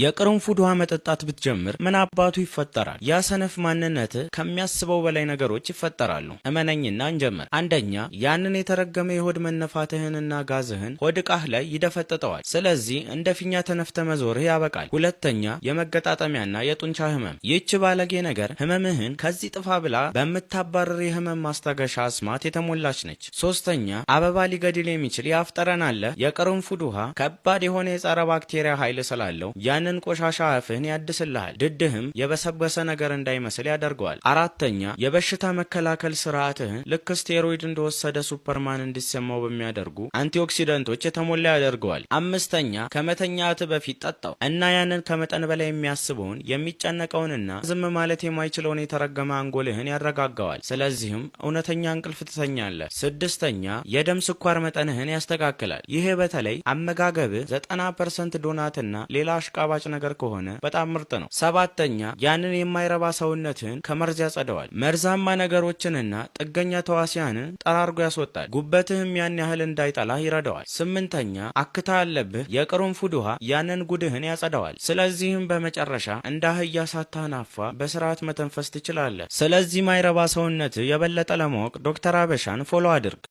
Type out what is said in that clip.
የቅርንፉድ ውሃ መጠጣት ብትጀምር ምን አባቱ ይፈጠራል? ያ ሰነፍ ማንነት ከሚያስበው በላይ ነገሮች ይፈጠራሉ። እመነኝና እንጀምር። አንደኛ ያንን የተረገመ የሆድ መነፋትህንና ጋዝህን ሆድ ዕቃህ ላይ ይደፈጥጠዋል። ስለዚህ እንደ ፊኛ ተነፍተ መዞርህ ያበቃል። ሁለተኛ የመገጣጠሚያና የጡንቻ ህመም። ይህች ባለጌ ነገር ህመምህን ከዚህ ጥፋ ብላ በምታባረር የህመም ማስታገሻ አስማት የተሞላች ነች። ሶስተኛ አበባ ሊገድል የሚችል የአፍጠረን አለ። የቅርንፉድ ውሃ ከባድ የሆነ የጸረ ባክቴሪያ ኃይል ስላለው ያንን ቆሻሻ አፍህን ያድስልሃል፣ ድድህም የበሰበሰ ነገር እንዳይመስል ያደርገዋል። አራተኛ የበሽታ መከላከል ስርዓትህን ልክ ስቴሮይድ እንደወሰደ ሱፐርማን እንዲሰማው በሚያደርጉ አንቲኦክሲደንቶች የተሞላ ያደርገዋል። አምስተኛ ከመተኛት በፊት ጠጣው እና ያንን ከመጠን በላይ የሚያስበውን የሚጨነቀውንና ዝም ማለት የማይችለውን የተረገመ አንጎልህን ያረጋጋዋል። ስለዚህም እውነተኛ እንቅልፍ ትተኛለህ። ስድስተኛ የደም ስኳር መጠንህን ያስተካክላል። ይሄ በተለይ አመጋገብህ ዘጠና ፐርሰንት ዶናትና ሌላ አሽቃባ ተላባጭ ነገር ከሆነ በጣም ምርጥ ነው። ሰባተኛ ያንን የማይረባ ሰውነትን ከመርዝ ያጸደዋል። መርዛማ ነገሮችንና ጥገኛ ተዋሲያንን ጠራርጎ ያስወጣል። ጉበትህም ያን ያህል እንዳይጠላህ ይረዳዋል። ስምንተኛ አክታ ያለብህ የቅርንፉድ ውሃ ያንን ጉድህን ያጸደዋል። ስለዚህም በመጨረሻ እንደ አህያ ሳታናፋ በስርዓት መተንፈስ ትችላለህ። ስለዚህ ማይረባ ሰውነት የበለጠ ለማወቅ ዶክተር አበሻን ፎሎ አድርግ።